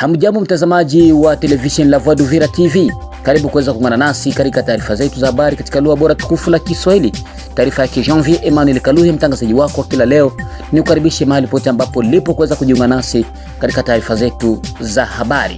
Hamjambo mtazamaji wa television La Voix d'Uvira TV, karibu kuweza kuungana nasi katika taarifa zetu za habari katika lugha bora tukufu la Kiswahili. Taarifa yake Janvier Emmanuel Kaluhi, mtangazaji wako kila leo, ni kukaribishe mahali pote ambapo lipo kuweza kujiunga nasi katika taarifa zetu za habari.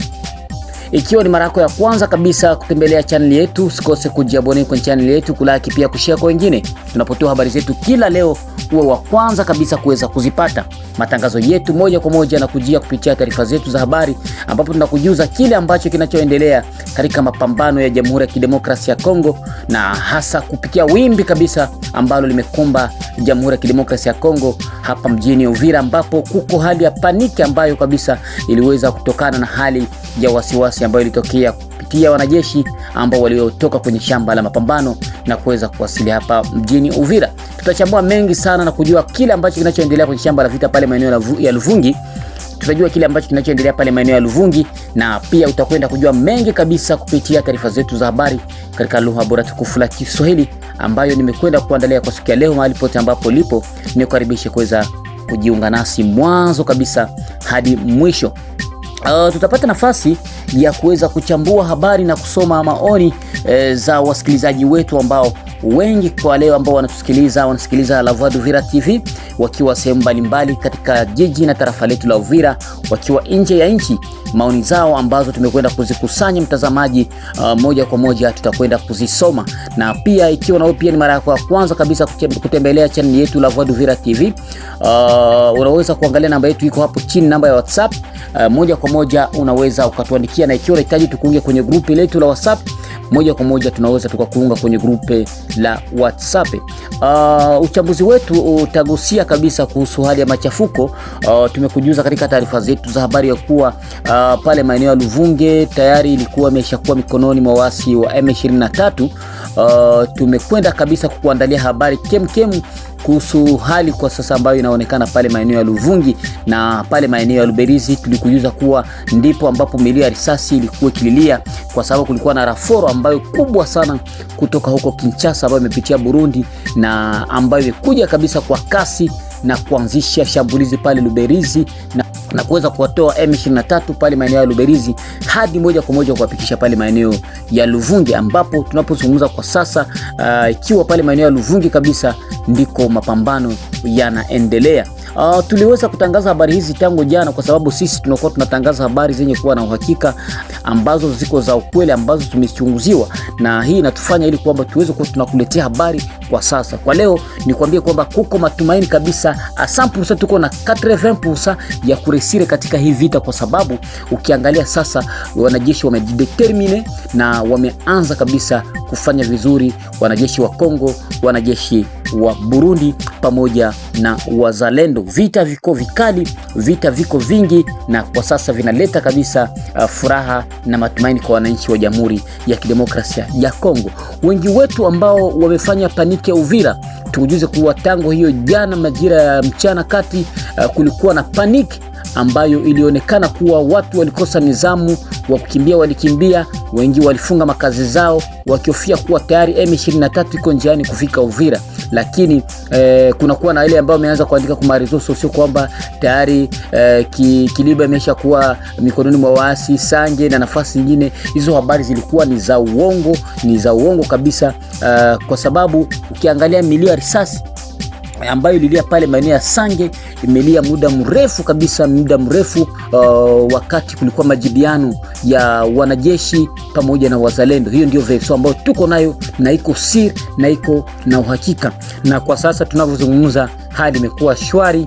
Ikiwa ni mara yako ya kwanza kabisa kutembelea chaneli yetu, usikose kujiabonea kwenye chaneli yetu, kulaki pia kushare kwa wengine tunapotoa habari zetu kila leo uwe wa kwanza kabisa kuweza kuzipata. Matangazo yetu moja kwa moja na kujia kupitia taarifa zetu za habari, ambapo tunakujuza kile ambacho kinachoendelea katika mapambano ya Jamhuri ya Kidemokrasia ya Kongo, na hasa kupitia wimbi kabisa ambalo limekumba Jamhuri ya Kidemokrasia ya Kongo hapa mjini Uvira, ambapo kuko hali ya paniki ambayo kabisa iliweza kutokana na hali ya wasiwasi ambayo ilitokea kuwafuatia wanajeshi ambao waliotoka kwenye shamba la mapambano na kuweza kuwasili hapa mjini Uvira. Tutachambua mengi sana na kujua kile ambacho kinachoendelea kwenye shamba la vita pale maeneo ya Luvungi tutajua kile ambacho kinachoendelea pale maeneo ya Luvungi na pia utakwenda kujua mengi kabisa kupitia taarifa zetu za habari katika lugha bora tukufu la Kiswahili ambayo nimekwenda kuandalia kwa siku ya leo. Mahali pote ambapo lipo, nikukaribishe kuweza kujiunga nasi mwanzo kabisa hadi mwisho. Uh, tutapata nafasi ya kuweza kuchambua habari na kusoma maoni e, za wasikilizaji wetu ambao wengi kwa leo ambao wanatusikiliza wanasikiliza La Voix d'Uvira TV wakiwa sehemu mbalimbali katika jiji na tarafa letu la Uvira, wakiwa nje ya nchi. Maoni zao ambazo tumekwenda kuzikusanya mtazamaji, uh, moja kwa moja tutakwenda kuzisoma, na pia ikiwa nawe pia ni mara yako ya kwanza kabisa kutembelea channel yetu La Voix d'Uvira TV, uh, unaweza kuangalia namba yetu iko hapo chini, namba ya WhatsApp. Uh, moja kwa moja unaweza ukatuandikia, na ikiwa unahitaji tukuunge kwenye grupi letu la WhatsApp moja kwa moja tunaweza tukakuunga kwenye grupe la WhatsApp. Uh, uchambuzi wetu utagusia kabisa kuhusu hali ya machafuko. Uh, tumekujuza katika taarifa zetu za habari ya kuwa uh, pale maeneo ya Luvunge tayari ilikuwa imeshakuwa mikononi mwa waasi wa M23. Uh, tumekwenda kabisa kukuandalia habari kemkem kuhusu hali kwa sasa ambayo inaonekana pale maeneo ya Luvungi na pale maeneo ya Luberizi. Tulikujuza kuwa ndipo ambapo milio ya risasi ilikuwa ikililia, kwa sababu kulikuwa na raforo ambayo kubwa sana kutoka huko Kinshasa ambayo imepitia Burundi na ambayo imekuja kabisa kwa kasi na kuanzisha shambulizi pale Luberizi na na kuweza kuwatoa M23 pale maeneo ya Luberizi hadi moja kwa moja kuwapikisha pale maeneo ya Luvungi, ambapo tunapozungumza kwa sasa uh, ikiwa uh, pale maeneo ya Luvungi kabisa ndiko mapambano yanaendelea. Uh, tuliweza kutangaza habari hizi tangu jana, kwa sababu sisi tunakuwa tunatangaza habari zenye kuwa na uhakika ambazo ziko za ukweli ambazo tumechunguziwa, na hii inatufanya ili kwamba tuweze kuwa tunakuletea habari kwa sasa. Kwa leo nikwambie kwamba kuko matumaini kabisa, asampusa tuko na 80% ya kuresire katika hii vita, kwa sababu ukiangalia sasa wanajeshi wamejidetermine na wameanza kabisa kufanya vizuri, wanajeshi wa Kongo, wanajeshi wa Burundi pamoja na wazalendo. Vita viko vikali, vita viko vingi, na kwa sasa vinaleta kabisa uh, furaha na matumaini kwa wananchi wa Jamhuri ya Kidemokrasia ya Kongo. Wengi wetu ambao wamefanya paniki ya Uvira tukujuze kuwa tangu hiyo jana majira ya mchana kati, uh, kulikuwa na paniki ambayo ilionekana kuwa watu walikosa nizamu wa kukimbia, walikimbia wengi, walifunga makazi zao wakihofia kuwa tayari M23 iko njiani kufika Uvira lakini eh, kuna kuwa na ile ambayo ameanza kuandika kwa maresource, sio kwamba tayari eh, ki, Kiliba imeshakuwa mikononi mwa waasi sange na nafasi nyingine. Hizo habari zilikuwa ni za uongo, ni za uongo kabisa uh, kwa sababu ukiangalia milio ya risasi ambayo ililia pale maeneo ya Sange imelia muda mrefu kabisa, muda mrefu uh, wakati kulikuwa majibiano ya wanajeshi pamoja na wazalendo. Hiyo ndio version ambayo tuko nayo na iko siri na iko na uhakika, na kwa sasa tunavyozungumza hali imekuwa shwari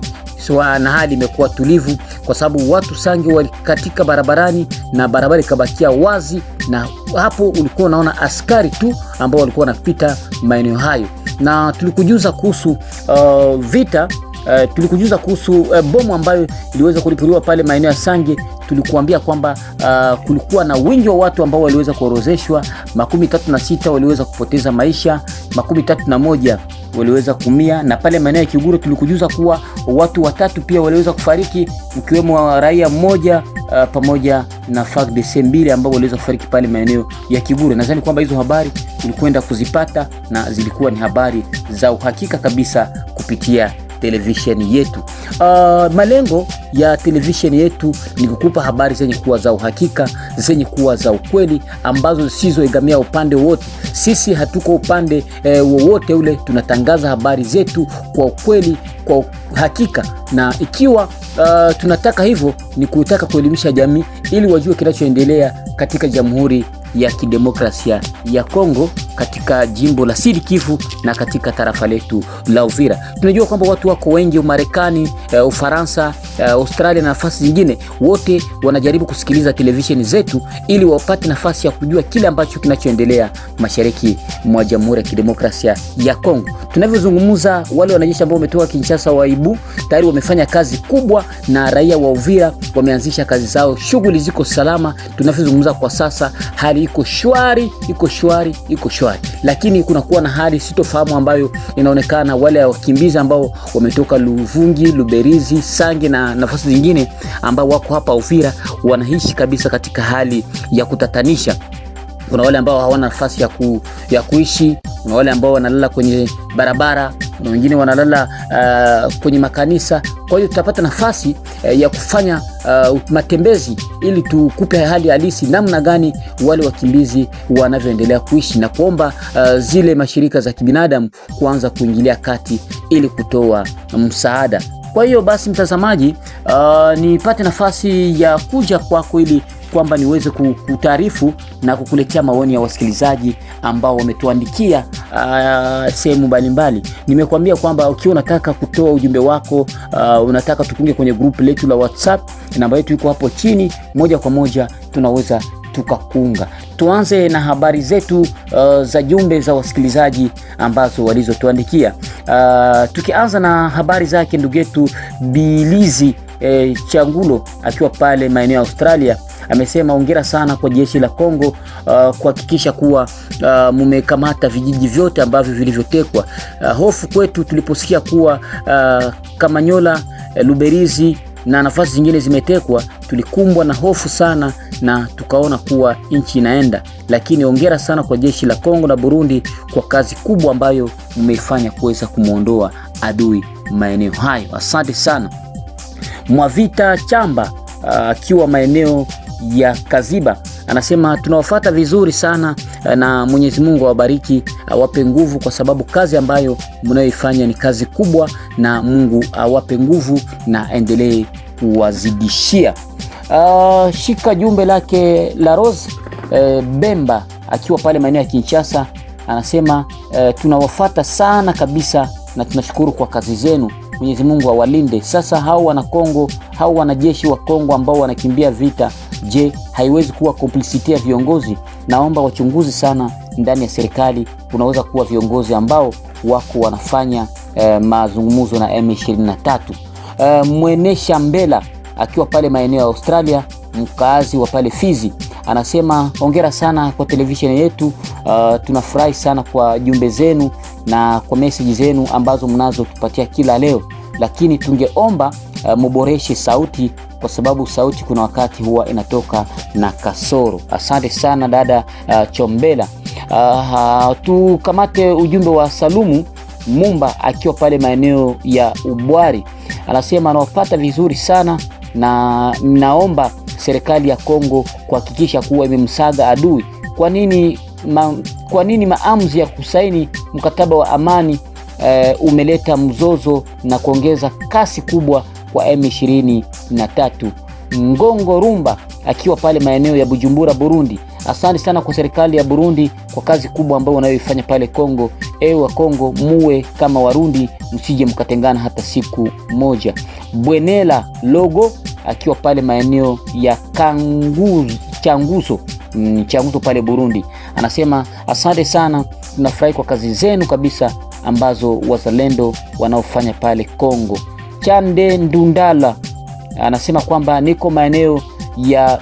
na hali imekuwa tulivu kwa sababu watu sangi walikatika barabarani na barabara ikabakia wazi, na hapo ulikuwa unaona askari tu ambao walikuwa wanapita maeneo hayo, na tulikujuza kuhusu uh, vita Uh, tulikujuza kuhusu uh, bomu ambayo iliweza kulipuliwa pale maeneo ya Sange. Tulikuambia kwamba uh, kulikuwa na wingi wa watu ambao waliweza kuorozeshwa, makumi tatu na sita waliweza kupoteza maisha, makumi tatu na moja waliweza kumia, na pale maeneo ya Kiguru tulikujuza kuwa watu watatu pia waliweza kufariki, mkiwemo raia mmoja uh, pamoja na FARDC mbili ambao waliweza kufariki pale maeneo ya Kiguru. Nadhani kwamba hizo habari tulikwenda kuzipata na zilikuwa ni habari za uhakika kabisa kupitia televisheni yetu. Uh, malengo ya televisheni yetu ni kukupa habari zenye kuwa za uhakika, zenye kuwa za ukweli, ambazo zisizoegamia upande wote. Sisi hatuko upande eh, wowote ule. Tunatangaza habari zetu kwa ukweli, kwa hakika, na ikiwa uh, tunataka hivyo ni kutaka kuelimisha jamii ili wajue kinachoendelea katika Jamhuri ya Kidemokrasia ya Kongo katika jimbo la Sud Kivu na katika tarafa letu la Uvira. Tunajua kwamba watu wako wengi Umarekani, eh, Ufaransa uh, Australia na nafasi zingine, wote wanajaribu kusikiliza televisheni zetu ili wapate nafasi ya kujua kile ambacho kinachoendelea mashariki mwa Jamhuri ya Kidemokrasia ya Kongo. Tunavyozungumza, wale wanajeshi ambao wametoka Kinshasa waibu tayari wamefanya kazi kubwa, na raia wa Uvira wameanzisha kazi zao, shughuli ziko salama. Tunavyozungumza kwa sasa, hali iko shwari, iko shwari, iko shwari, lakini kunakuwa na hali sitofahamu ambayo inaonekana wale wakimbizi ambao wametoka Luvungi, Luberizi, Sange na nafasi zingine ambao wako hapa Uvira wanaishi kabisa katika hali ya kutatanisha. Kuna wale ambao hawana nafasi ya, ku, ya kuishi. Kuna wale ambao wanalala kwenye barabara, kuna wengine wanalala uh, kwenye makanisa. Kwa hiyo tutapata nafasi uh, ya kufanya uh, matembezi ili tukupe hali halisi namna gani wale wakimbizi wanavyoendelea kuishi na kuomba uh, zile mashirika za kibinadamu kuanza kuingilia kati ili kutoa msaada. Kwa hiyo basi, mtazamaji, uh, nipate nafasi ya kuja kwako ili kwamba niweze kutaarifu na kukuletea maoni ya wasikilizaji ambao wametuandikia uh, sehemu mbalimbali. Nimekuambia kwamba ukiwa unataka kutoa ujumbe wako uh, unataka tukunge kwenye grupu letu la WhatsApp, namba yetu iko hapo chini, moja kwa moja tunaweza tukakuunga tuanze na habari zetu uh, za jumbe za wasikilizaji ambazo walizotuandikia. Uh, tukianza na habari zake ndugu yetu Bilizi eh, Changulo akiwa pale maeneo ya Australia amesema ongera sana kwa jeshi la Kongo uh, kuhakikisha kuwa uh, mumekamata vijiji vyote ambavyo vilivyotekwa. Uh, hofu kwetu tuliposikia kuwa uh, Kamanyola, eh, Luberizi na nafasi zingine zimetekwa, tulikumbwa na hofu sana na tukaona kuwa nchi inaenda. Lakini ongera sana kwa jeshi la Kongo na Burundi kwa kazi kubwa ambayo mmeifanya kuweza kumwondoa adui maeneo hayo. Asante sana. Mwavita Chamba ah, akiwa uh, maeneo ya Kaziba anasema tunawafata vizuri sana eh, na Mwenyezi Mungu awabariki, awape nguvu, kwa sababu kazi ambayo mnayoifanya ni kazi kubwa, na Mungu awape nguvu na aendelee kuwazidishia. Uh, shika jumbe lake la Rose eh, Bemba akiwa pale maeneo ya Kinshasa anasema eh, tunawafata sana kabisa na tunashukuru kwa kazi zenu. Mwenyezi Mungu awalinde. Sasa hao wana Kongo, hao wanajeshi wa Kongo ambao wanakimbia vita, je, haiwezi kuwa komplisiti ya viongozi? Naomba wachunguzi sana ndani ya serikali, kunaweza kuwa viongozi ambao wako wanafanya eh, mazungumzo na M23. Eh, Mwenesha Mbela akiwa pale maeneo ya Australia, mkaazi wa pale Fizi anasema hongera sana kwa televisheni yetu. Uh, tunafurahi sana kwa jumbe zenu na kwa meseji zenu ambazo mnazotupatia kila leo, lakini tungeomba uh, muboreshe sauti kwa sababu sauti kuna wakati huwa inatoka na kasoro. Asante sana dada uh, Chombela. Uh, tukamate ujumbe wa Salumu Mumba akiwa pale maeneo ya Ubwari, anasema anawapata vizuri sana na naomba serikali ya Kongo kuhakikisha kuwa imemsaga adui. Kwa nini ma, kwa nini maamuzi ya kusaini mkataba wa amani e, umeleta mzozo na kuongeza kasi kubwa kwa M23. Ngongo Rumba akiwa pale maeneo ya Bujumbura, Burundi. Asante sana kwa serikali ya Burundi kwa kazi kubwa ambayo wanayoifanya pale Kongo. Ewe wa Kongo, muwe kama Warundi, msije mkatengana hata siku moja. Bwenela Logo akiwa pale maeneo ya Changuso, mm, Changuzo pale Burundi. Anasema asante sana, tunafurahi kwa kazi zenu kabisa ambazo wazalendo wanaofanya pale Kongo. Chande Ndundala anasema kwamba niko maeneo ya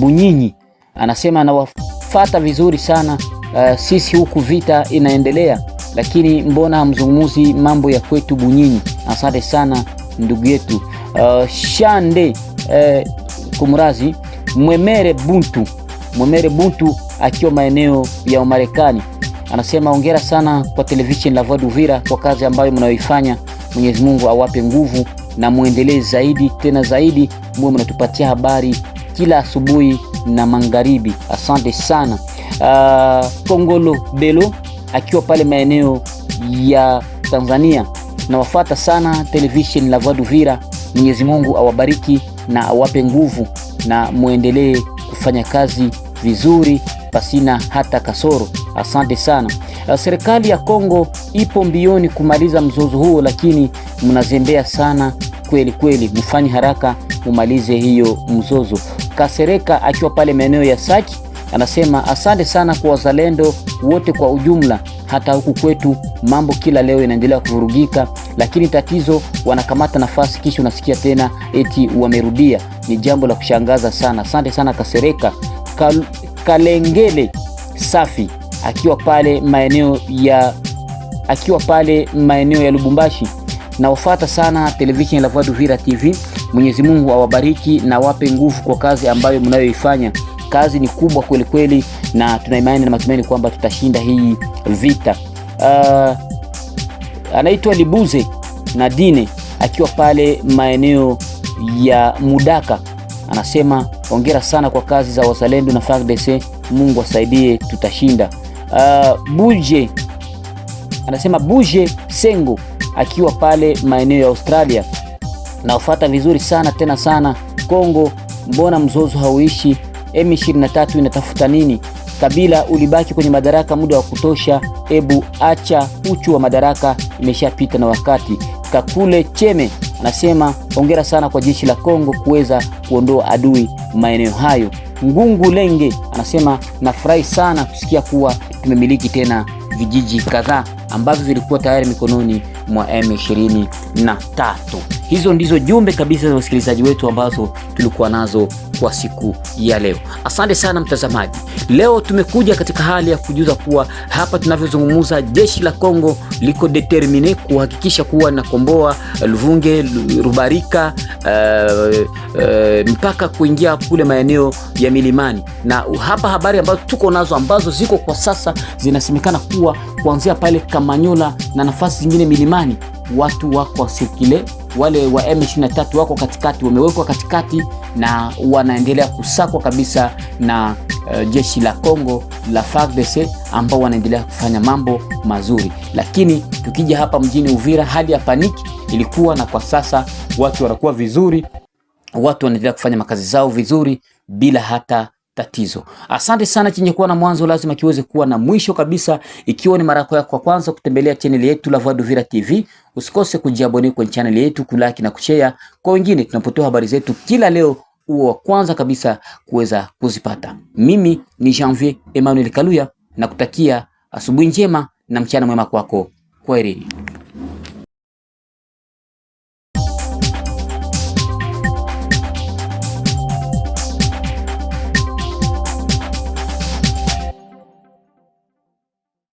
Bunyinyi, anasema anawafata vizuri sana. Uh, sisi huku vita inaendelea, lakini mbona hamzungumuzi mambo ya kwetu Bunyinyi? Asante sana ndugu yetu. Uh, eh, Shande uh, eh, kumrazi Mwemere Buntu, Mwemere Buntu akiwa maeneo ya Umarekani. Anasema hongera sana kwa television La Voix d'Uvira kwa kazi ambayo mnayoifanya. Mwenyezi Mungu awape nguvu na muendelee zaidi tena zaidi, muwe mnatupatia habari kila asubuhi na magharibi. Asante sana. Uh, Kongolo Belo akiwa pale maeneo ya Tanzania, nawafata sana television La Voix d'Uvira. Mwenyezi Mungu awabariki na awape nguvu na muendelee kufanya kazi vizuri pasina hata kasoro. Asante sana. Eh, serikali ya Kongo ipo mbioni kumaliza mzozo huo, lakini mnazembea sana kweli kweli, mfanye haraka mumalize hiyo mzozo. Kasereka akiwa pale maeneo ya Saki anasema asante sana kwa wazalendo wote kwa ujumla. Hata huku kwetu mambo kila leo inaendelea kuvurugika, lakini tatizo wanakamata nafasi, kisha unasikia tena eti wamerudia. Ni jambo la kushangaza sana. Asante sana Kasereka. Kalengele safi akiwa pale maeneo ya akiwa pale maeneo ya Lubumbashi. Nawafuata sana television La Voix d'Uvira TV. Mwenyezi Mungu awabariki na wape nguvu kwa kazi ambayo mnayoifanya. Kazi ni kubwa kweli kweli, na tuna imani na matumaini kwamba tutashinda hii vita. Uh, anaitwa Libuze Nadine akiwa pale maeneo ya Mudaka anasema Hongera sana kwa kazi za wazalendo na FARDC. Mungu asaidie, tutashinda. Uh, Buje anasema Buje Sengo akiwa pale maeneo ya Australia, naofata vizuri sana tena sana Kongo, mbona mzozo hauishi? M23 inatafuta nini? Kabila ulibaki kwenye madaraka muda wa kutosha, ebu acha uchu wa madaraka, imeshapita na wakati. Kakule Cheme Anasema hongera sana kwa jeshi la Kongo kuweza kuondoa adui maeneo hayo. Ngungu Lenge anasema nafurahi sana kusikia kuwa tumemiliki tena vijiji kadhaa ambavyo vilikuwa tayari mikononi mwa M23. Hizo ndizo jumbe kabisa za wasikilizaji wetu ambazo tulikuwa nazo kwa siku ya leo. Asante sana mtazamaji. Leo tumekuja katika hali ya kujuza kuwa hapa tunavyozungumza, jeshi la Kongo liko determine kuhakikisha kuwa nakomboa Luvunge, Rubarika, uh, uh, mpaka kuingia kule maeneo ya milimani, na hapa habari ambazo tuko nazo ambazo ziko kwa sasa zinasemekana kuwa kuanzia pale Kamanyola na nafasi zingine milimani, watu wako sirkile wale wa M23 wako katikati, wamewekwa katikati na wanaendelea kusakwa kabisa na uh, jeshi la Kongo la FARDC ambao wanaendelea kufanya mambo mazuri. Lakini tukija hapa mjini Uvira, hali ya paniki ilikuwa na kwa sasa watu wanakuwa vizuri, watu wanaendelea kufanya makazi zao vizuri bila hata tatizo. Asante sana. Chenye kuwa na mwanzo lazima kiweze kuwa na mwisho kabisa. Ikiwa ni mara yako ya kwa kwanza kutembelea chaneli yetu La Voix d'Uvira TV, usikose kujiabone kwenye chaneli yetu, kulaki na kushare kwa wengine. Tunapotoa habari zetu kila leo, uwe wa kwanza kabisa kuweza kuzipata. Mimi ni Janvier Emmanuel Kaluya, nakutakia asubuhi njema na mchana mwema kwako. Kwaherini.